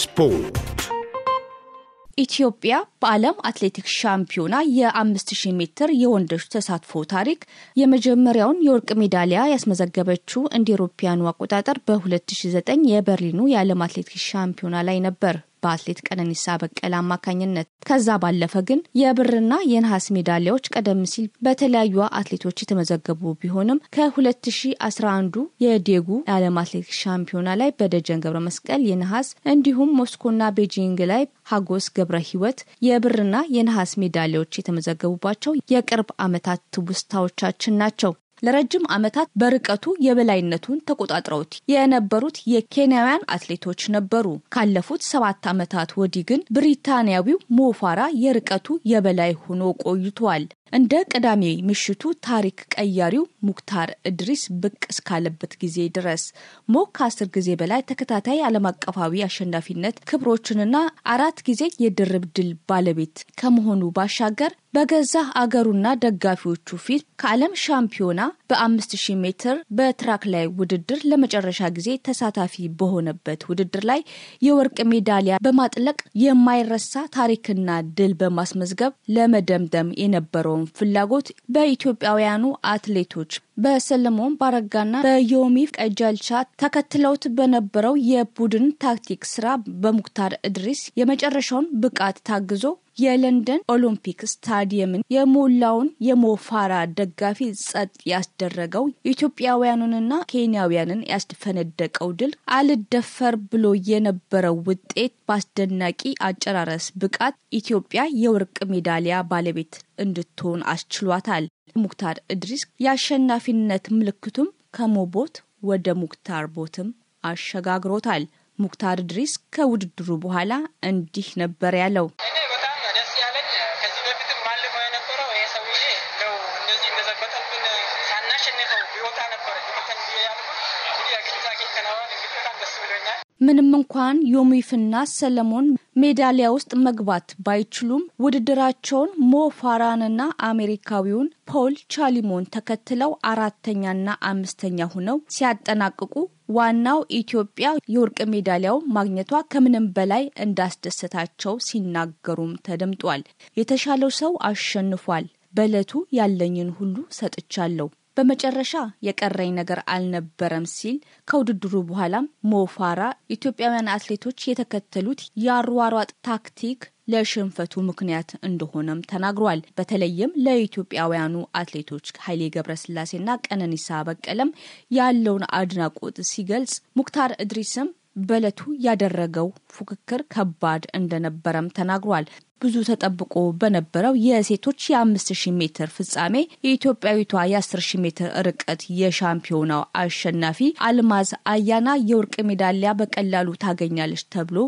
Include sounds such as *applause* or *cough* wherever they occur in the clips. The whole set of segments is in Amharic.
ስፖርት ኢትዮጵያ በዓለም አትሌቲክስ ሻምፒዮና የ5000 ሜትር የወንዶች ተሳትፎ ታሪክ የመጀመሪያውን የወርቅ ሜዳሊያ ያስመዘገበችው እንደ አውሮፓውያኑ አቆጣጠር በ2009 የበርሊኑ የዓለም አትሌቲክስ ሻምፒዮና ላይ ነበር። በአትሌት ቀነኒሳ በቀለ አማካኝነት። ከዛ ባለፈ ግን የብርና የነሐስ ሜዳሊያዎች ቀደም ሲል በተለያዩ አትሌቶች የተመዘገቡ ቢሆንም ከ2011ዱ የዴጉ የዓለም አትሌቲክስ ሻምፒዮና ላይ በደጀን ገብረ መስቀል የነሐስ እንዲሁም ሞስኮና ቤጂንግ ላይ ሀጎስ ገብረ ህይወት የብርና የነሐስ ሜዳሊያዎች የተመዘገቡባቸው የቅርብ ዓመታት ትውስታዎቻችን ናቸው። ለረጅም ዓመታት በርቀቱ የበላይነቱን ተቆጣጥረውት የነበሩት የኬንያውያን አትሌቶች ነበሩ። ካለፉት ሰባት ዓመታት ወዲህ ግን ብሪታንያዊው ሞፋራ የርቀቱ የበላይ ሆኖ ቆይቷል። እንደ ቅዳሜ ምሽቱ ታሪክ ቀያሪው ሙክታር እድሪስ ብቅ እስካለበት ጊዜ ድረስ ሞክ ከአስር ጊዜ በላይ ተከታታይ ዓለም አቀፋዊ አሸናፊነት ክብሮችንና አራት ጊዜ የድርብ ድል ባለቤት ከመሆኑ ባሻገር በገዛ አገሩና ደጋፊዎቹ ፊት ከዓለም ሻምፒዮና በ5000 ሜትር በትራክ ላይ ውድድር ለመጨረሻ ጊዜ ተሳታፊ በሆነበት ውድድር ላይ የወርቅ ሜዳሊያ በማጥለቅ የማይረሳ ታሪክና ድል በማስመዝገብ ለመደምደም የነበረው ያለውን ፍላጎት በኢትዮጵያውያኑ አትሌቶች በሰለሞን ባረጋና በዮሚፍ ቀጀልቻ ተከትለውት በነበረው የቡድን ታክቲክ ስራ በሙክታር እድሪስ የመጨረሻውን ብቃት ታግዞ የለንደን ኦሎምፒክ ስታዲየምን የሞላውን የሞፋራ ደጋፊ ጸጥ ያስደረገው ኢትዮጵያውያኑንና ኬንያውያንን ያስፈነደቀው ድል አልደፈር ብሎ የነበረው ውጤት በአስደናቂ አጨራረስ ብቃት ኢትዮጵያ የወርቅ ሜዳሊያ ባለቤት እንድትሆን አስችሏታል። ሙክታር እድሪስ የአሸናፊነት ምልክቱም ከሞቦት ወደ ሙክታር ቦትም አሸጋግሮታል። ሙክታር እድሪስ ከውድድሩ በኋላ እንዲህ ነበር ያለው። በጣም ደስ ብሎኛል። ምንም እንኳን ዮሚፍና ሰለሞን ሜዳሊያ ውስጥ መግባት ባይችሉም ውድድራቸውን ሞፋራንና አሜሪካዊውን ፖል ቻሊሞን ተከትለው አራተኛና አምስተኛ ሆነው ሲያጠናቅቁ ዋናው ኢትዮጵያ የወርቅ ሜዳሊያው ማግኘቷ ከምንም በላይ እንዳስደሰታቸው ሲናገሩም ተደምጧል። የተሻለው ሰው አሸንፏል። በእለቱ ያለኝን ሁሉ ሰጥቻለሁ። በመጨረሻ የቀረኝ ነገር አልነበረም ሲል ከውድድሩ በኋላም ሞፋራ ኢትዮጵያውያን አትሌቶች የተከተሉት የአሯሯጥ ታክቲክ ለሽንፈቱ ምክንያት እንደሆነም ተናግሯል። በተለይም ለኢትዮጵያውያኑ አትሌቶች ኃይሌ ገብረስላሴና ቀነኒሳ በቀለም ያለውን አድናቆት ሲገልጽ ሙክታር እድሪስም በለቱ ያደረገው ፉክክር ከባድ እንደነበረም ተናግሯል። ብዙ ተጠብቆ በነበረው የሴቶች የ5000 ሜትር ፍጻሜ የኢትዮጵያዊቷ የ10000 ሜትር ርቀት የሻምፒዮናው አሸናፊ አልማዝ አያና የወርቅ ሜዳሊያ በቀላሉ ታገኛለች ተብሎ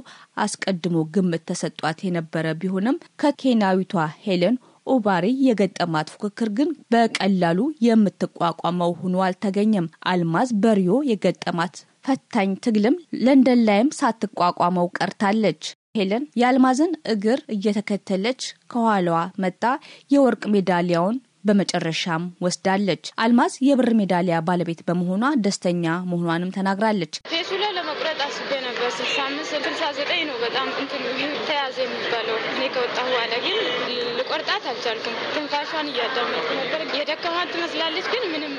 አስቀድሞ ግምት ተሰጧት የነበረ ቢሆንም ከኬንያዊቷ ሄለን ኦባሪ የገጠማት ፉክክር ግን በቀላሉ የምትቋቋመው ሆኖ አልተገኘም። አልማዝ በሪዮ የገጠማት ፈታኝ ትግልም ለንደን ላይም ሳትቋቋመው ቀርታለች። ሄለን የአልማዝን እግር እየተከተለች ከኋላዋ መጣ የወርቅ ሜዳሊያውን በመጨረሻም ወስዳለች። አልማዝ የብር ሜዳሊያ ባለቤት በመሆኗ ደስተኛ መሆኗንም ተናግራለች። ለመቁረጥ አስቤ ነበር። ስልሳ አምስት ስልሳ ዘጠኝ ነው በጣም እንትን ተያዘ የሚባለው። እኔ ከወጣሁ በኋላ ግን ልቆርጣት አልቻልኩም። ትንፋሿን እያዳመጥኩ ነበር። የደከማት ትመስላለች፣ ግን ምንም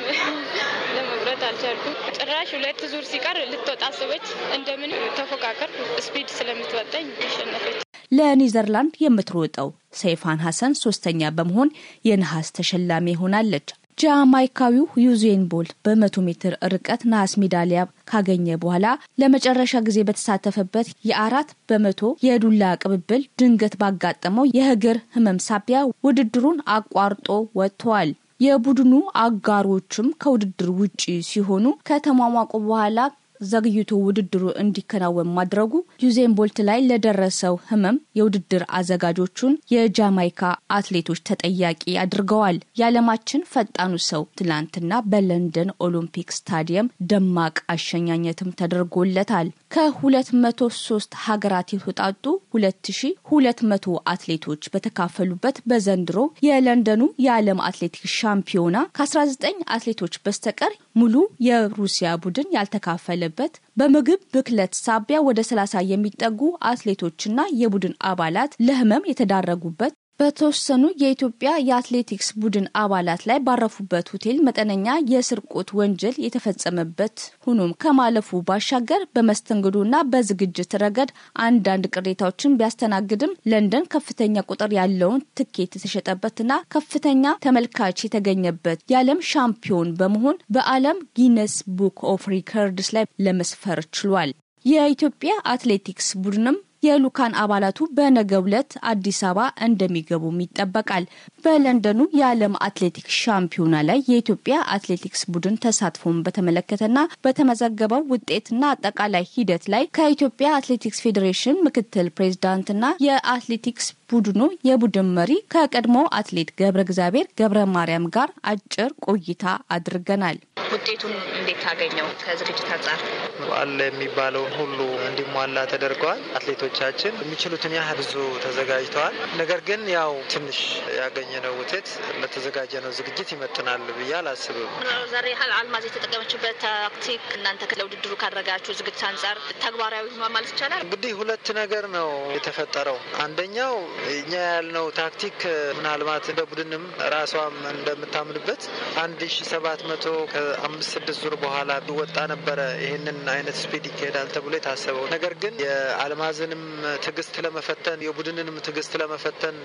*laughs* ለመቁረጥ አልቻልኩም። ጭራሽ ሁለት ዙር ሲቀር ልትወጣ አስበች። እንደምን ተፎካከር ስፒድ ስለምትወጣኝ ተሸነፈች። ለኒዘርላንድ የምትሮጠው ሰይፋን ሀሰን ሶስተኛ በመሆን የነሐስ ተሸላሚ ሆናለች። ጃማይካዊው ዩዜን ቦልት በመቶ ሜትር ርቀት ነሐስ ሜዳሊያ ካገኘ በኋላ ለመጨረሻ ጊዜ በተሳተፈበት የአራት በመቶ የዱላ ቅብብል ድንገት ባጋጠመው የእግር ህመም ሳቢያ ውድድሩን አቋርጦ ወጥቷል። የቡድኑ አጋሮችም ከውድድር ውጪ ሲሆኑ ከተሟሟቁ በኋላ ዘግይቶ ውድድሩ እንዲከናወን ማድረጉ ዩዜን ቦልት ላይ ለደረሰው ህመም የውድድር አዘጋጆቹን የጃማይካ አትሌቶች ተጠያቂ አድርገዋል። የዓለማችን ፈጣኑ ሰው ትላንትና በለንደን ኦሎምፒክ ስታዲየም ደማቅ አሸኛኘትም ተደርጎለታል። ከ203 ሀገራት የተውጣጡ 2200 አትሌቶች በተካፈሉበት በዘንድሮ የለንደኑ የዓለም አትሌቲክስ ሻምፒዮና ከ19 አትሌቶች በስተቀር ሙሉ የሩሲያ ቡድን ያልተካፈለበት በምግብ ብክለት ሳቢያ ወደ 30 የሚጠጉ አትሌቶችና የቡድን አባላት ለህመም የተዳረጉበት በተወሰኑ የኢትዮጵያ የአትሌቲክስ ቡድን አባላት ላይ ባረፉበት ሆቴል መጠነኛ የስርቆት ወንጀል የተፈጸመበት ሆኖም ከማለፉ ባሻገር በመስተንግዶና በዝግጅት ረገድ አንዳንድ ቅሬታዎችን ቢያስተናግድም ለንደን ከፍተኛ ቁጥር ያለውን ትኬት የተሸጠበትና ከፍተኛ ተመልካች የተገኘበት የዓለም ሻምፒዮን በመሆን በዓለም ጊነስ ቡክ ኦፍ ሪከርድስ ላይ ለመስፈር ችሏል። የኢትዮጵያ አትሌቲክስ ቡድንም የሉካን አባላቱ በነገው ዕለት አዲስ አበባ እንደሚገቡም ይጠበቃል። በለንደኑ የዓለም አትሌቲክስ ሻምፒዮና ላይ የኢትዮጵያ አትሌቲክስ ቡድን ተሳትፎን በተመለከተና በተመዘገበው ውጤትና አጠቃላይ ሂደት ላይ ከኢትዮጵያ አትሌቲክስ ፌዴሬሽን ምክትል ፕሬዝዳንትና የአትሌቲክስ ቡድኑ የቡድን መሪ ከቀድሞ አትሌት ገብረ እግዚአብሔር ገብረ ማርያም ጋር አጭር ቆይታ አድርገናል። ውጤቱን እንዴት አገኘው? ከዝግጅት አንጻር አለ የሚባለውን ሁሉ እንዲሟላ ተደርገዋል። አትሌቶቻችን የሚችሉትን ያህል ብዙ ተዘጋጅተዋል። ነገር ግን ያው ትንሽ ያገኘነው ውጤት ለተዘጋጀነው ዝግጅት ይመጥናል ብዬ አላስብም። ዛሬ ያህል አልማዝ የተጠቀመችበት ታክቲክ እናንተ ለውድድሩ ካደረጋችሁ ዝግጅት አንጻር ተግባራዊ ማለት ይቻላል። እንግዲህ ሁለት ነገር ነው የተፈጠረው። አንደኛው እኛ ያልነው ታክቲክ ምናልባት እንደ ቡድንም ራሷም እንደምታምንበት አንድ ሺ ሰባት መቶ ከአምስት ስድስት ዙር በኋላ ወጣ ነበረ ይህንን አይነት ስፒድ ይካሄዳል ተብሎ የታሰበው ነገር ግን የአልማዝንም ትዕግስት ለመፈተን የቡድንንም ትዕግስት ለመፈተን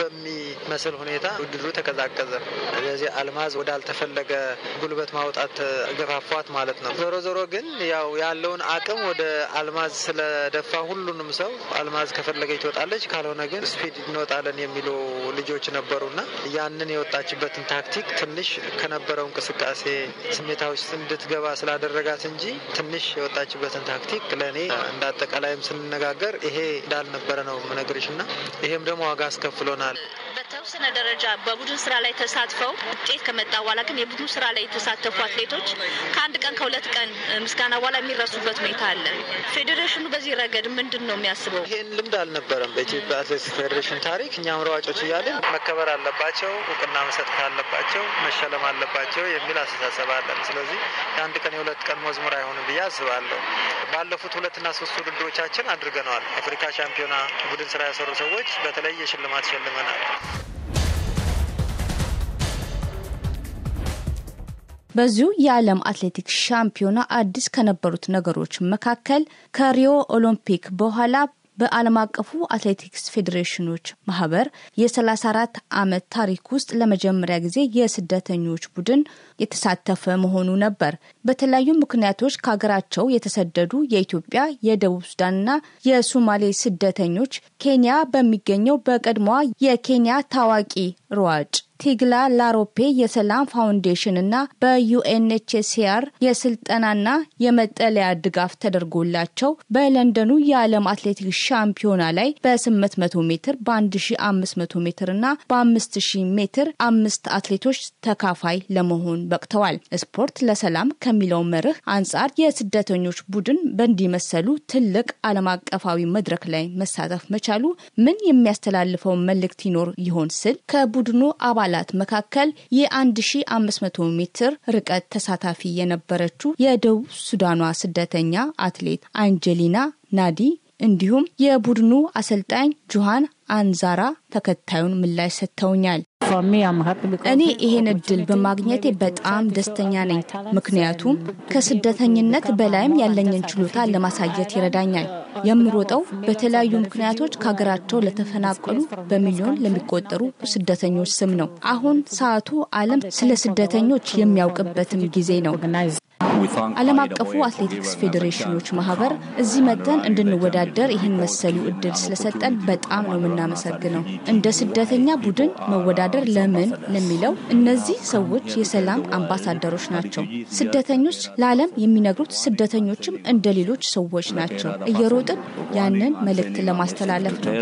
በሚመስል ሁኔታ ውድድሩ ተቀዛቀዘ። ስለዚህ አልማዝ ወዳልተፈለገ ጉልበት ማውጣት ገፋፏት ማለት ነው። ዞሮ ዞሮ ግን ያው ያለውን አቅም ወደ አልማዝ ስለደፋ ሁሉንም ሰው አልማዝ ከፈለገች ትወጣለች፣ ካልሆነ ግን ፊልድ እንወጣለን የሚሉ ልጆች ነበሩና ያንን የወጣችበትን ታክቲክ ትንሽ ከነበረው እንቅስቃሴ ስሜታ ውስጥ እንድትገባ ስላደረጋት እንጂ ትንሽ የወጣችበትን ታክቲክ ለእኔ እንደ አጠቃላይም ስንነጋገር ይሄ እንዳልነበረ ነው ምነግርሽ ና ይሄም ደግሞ ዋጋ አስከፍሎናል። በተወሰነ ደረጃ በቡድን ስራ ላይ ተሳትፈው ውጤት ከመጣ በኋላ ግን የቡድኑ ስራ ላይ የተሳተፉ አትሌቶች ከአንድ ቀን ከሁለት ቀን ምስጋና በኋላ የሚረሱበት ሁኔታ አለ። ፌዴሬሽኑ በዚህ ረገድ ምንድን ነው የሚያስበው? ይህን ልምድ አልነበረም በኢትዮጵያ አትሌቲክስ የፌዴሬሽን ታሪክ እኛም ሯጮች እያለን መከበር አለባቸው፣ እውቅና መሰጥ አለባቸው፣ መሸለም አለባቸው የሚል አስተሳሰብ አለን። ስለዚህ የአንድ ቀን የሁለት ቀን መዝሙር አይሆንም ብዬ አስባለሁ። ባለፉት ሁለትና ሶስት ውድድሮቻችን አድርገነዋል። አፍሪካ ሻምፒዮና ቡድን ስራ ያሰሩ ሰዎች በተለይ የሽልማት ሸልመናል። በዚሁ የዓለም አትሌቲክስ ሻምፒዮና አዲስ ከነበሩት ነገሮች መካከል ከሪዮ ኦሎምፒክ በኋላ በዓለም አቀፉ አትሌቲክስ ፌዴሬሽኖች ማህበር የ34 ዓመት ታሪክ ውስጥ ለመጀመሪያ ጊዜ የስደተኞች ቡድን የተሳተፈ መሆኑ ነበር። በተለያዩ ምክንያቶች ከሀገራቸው የተሰደዱ የኢትዮጵያ፣ የደቡብ ሱዳንና የሱማሌ ስደተኞች ኬንያ በሚገኘው በቀድሞዋ የኬንያ ታዋቂ ሯጭ ቲግላ ላሮፔ የሰላም ፋውንዴሽን እና በዩኤንኤችሲአር የስልጠናና የመጠለያ ድጋፍ ተደርጎላቸው በለንደኑ የዓለም አትሌቲክስ ሻምፒዮና ላይ በ800 ሜትር በ1500 ሜትር እና በ5000 ሜትር አምስት አትሌቶች ተካፋይ ለመሆን በቅተዋል። ስፖርት ለሰላም ከሚለው መርህ አንጻር የስደተኞች ቡድን በእንዲመሰሉ ትልቅ ዓለም አቀፋዊ መድረክ ላይ መሳተፍ መቻሉ ምን የሚያስተላልፈው መልእክት ይኖር ይሆን ስል ከቡድኑ አባል አባላት መካከል የ1500 ሜትር ርቀት ተሳታፊ የነበረችው የደቡብ ሱዳኗ ስደተኛ አትሌት አንጀሊና ናዲ እንዲሁም የቡድኑ አሰልጣኝ ጆሃን አንዛራ ተከታዩን ምላሽ ሰጥተውኛል። እኔ ይሄን እድል በማግኘቴ በጣም ደስተኛ ነኝ። ምክንያቱም ከስደተኝነት በላይም ያለኝን ችሎታ ለማሳየት ይረዳኛል። የምሮጠው በተለያዩ ምክንያቶች ከሀገራቸው ለተፈናቀሉ በሚሊዮን ለሚቆጠሩ ስደተኞች ስም ነው። አሁን ሰዓቱ ዓለም ስለ ስደተኞች የሚያውቅበትም ጊዜ ነው። ዓለም አቀፉ አትሌቲክስ ፌዴሬሽኖች ማህበር እዚህ መጠን እንድንወዳደር ይህን መሰሉ እድል ስለሰጠን በጣም ነው የምናመሰግነው። እንደ ስደተኛ ቡድን መወዳደር ለምን ለሚለው እነዚህ ሰዎች የሰላም አምባሳደሮች ናቸው። ስደተኞች ለዓለም የሚነግሩት ስደተኞችም እንደ ሌሎች ሰዎች ናቸው። እየሮጥን ያንን መልእክት ለማስተላለፍ ነው።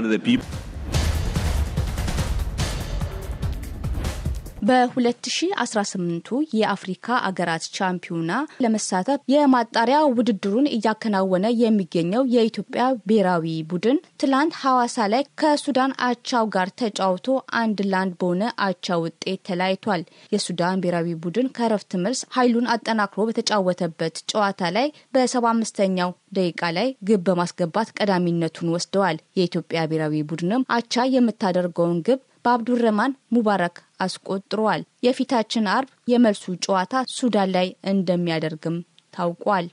በ 2018 የአፍሪካ አገራት ቻምፒዮና ለመሳተፍ የማጣሪያ ውድድሩን እያከናወነ የሚገኘው የኢትዮጵያ ብሔራዊ ቡድን ትላንት ሐዋሳ ላይ ከሱዳን አቻው ጋር ተጫውቶ አንድ ላንድ በሆነ አቻ ውጤት ተለያይቷል። የሱዳን ብሔራዊ ቡድን ከረፍት መልስ ኃይሉን አጠናክሮ በተጫወተበት ጨዋታ ላይ በ75ኛው ደቂቃ ላይ ግብ በማስገባት ቀዳሚነቱን ወስደዋል። የኢትዮጵያ ብሔራዊ ቡድንም አቻ የምታደርገውን ግብ በአብዱረማን ሙባረክ አስቆጥሯል። የፊታችን አርብ የመልሱ ጨዋታ ሱዳን ላይ እንደሚያደርግም ታውቋል።